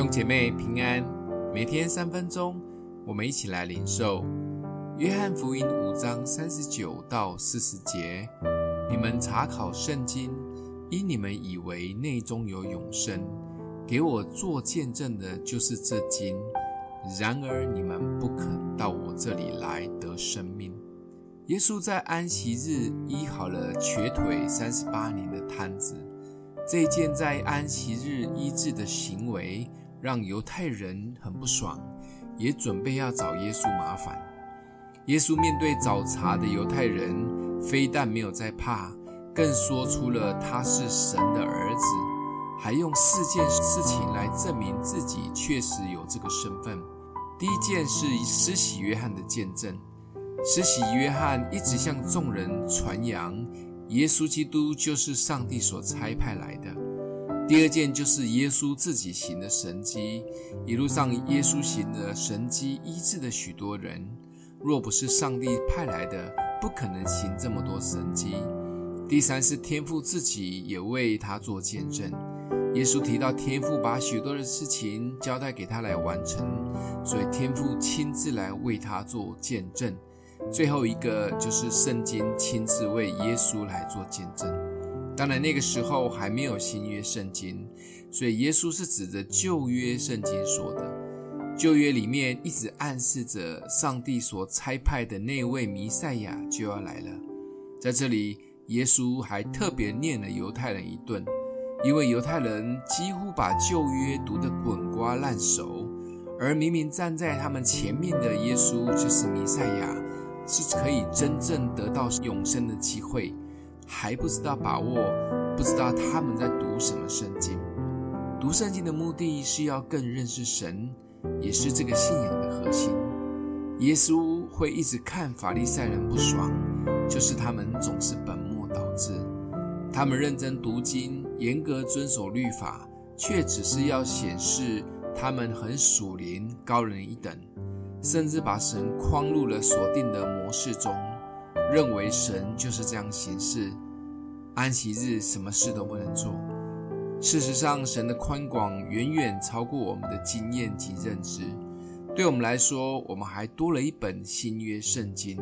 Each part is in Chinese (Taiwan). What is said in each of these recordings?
弟兄姐妹平安，每天三分鐘，我們一起來領受《約翰福音》五章三十九到四十節。你們查考聖經，因你們以為內中有永生，給我做見證的就是這經。然而你們不肯到我這裡來得生命。耶穌在安息日醫好了瘸腿三十八年的癱子，這一件在安息日醫治的行為，讓猶太人很不爽，也準備要找耶穌麻煩。耶穌面對找茬的猶太人，非但沒有在怕，更說出了他是神的兒子，還用四件事情來證明自己確實有這個身份。第一件是施洗約翰的見證，施洗約翰一直向眾人傳揚，耶穌基督就是上帝所差派來的。第二件就是耶穌自己行的神蹟，一路上耶穌行的神蹟，醫治了許多人。若不是上帝派來的，不可能行這麼多神蹟。第三是天父自己也為他做見證。耶穌提到天父把許多的事情交代給他來完成，所以天父親自來為他做見證。最後一個就是聖經親自為耶穌來做見證。當然，那個時候還沒有新約聖經，所以耶穌是指着舊約聖經說的。舊約裡面一直暗示着上帝所差派的那位彌賽亞就要來了。在這裡，耶穌還特別唸了猶太人一頓，因為猶太人幾乎把舊約讀得滾瓜爛熟，而明明站在他們前面的耶穌就是彌賽亞，是可以真正得到永生的機會。還不知道把握，不知道他們在讀什麼聖經。讀聖經的目的是要更認識神，也是這個信仰的核心。耶穌會一直看法利賽人不爽，就是他們總是本末倒置。他們認真讀經，嚴格遵守律法，卻只是要顯示他們很屬靈、高人一等，甚至把神框入了所定的模式中，認為神就是這樣行事。安息日什麼事都不能做。事實上，神的寬廣遠遠超過我們的經驗及認知。對我們來說，我們還多了一本新約聖經，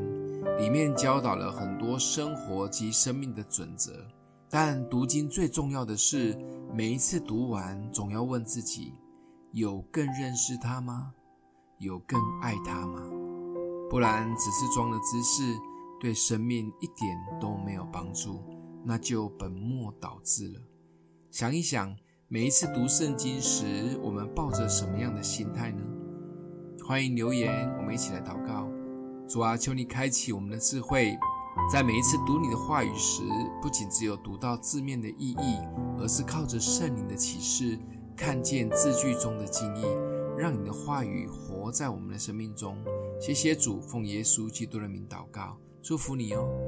裡面教導了很多生活及生命的準則。但讀經最重要的是，每一次讀完，總要問自己：有更認識他嗎？有更愛他嗎？不然，只是裝了知識，對生命一點都沒有幫助。那就本末倒置了。想一想，每一次讀聖經時，我們抱着什麼樣的心態呢？歡迎留言，我們一起來禱告。主啊，求你開啟我們的智慧，在每一次讀你的話語時，不僅只有讀到字面的意義，而是靠着聖靈的啟示，看見字句中的精義，讓你的話語活在我們的生命中。謝謝主，奉耶穌基督的名禱告，祝福你哦。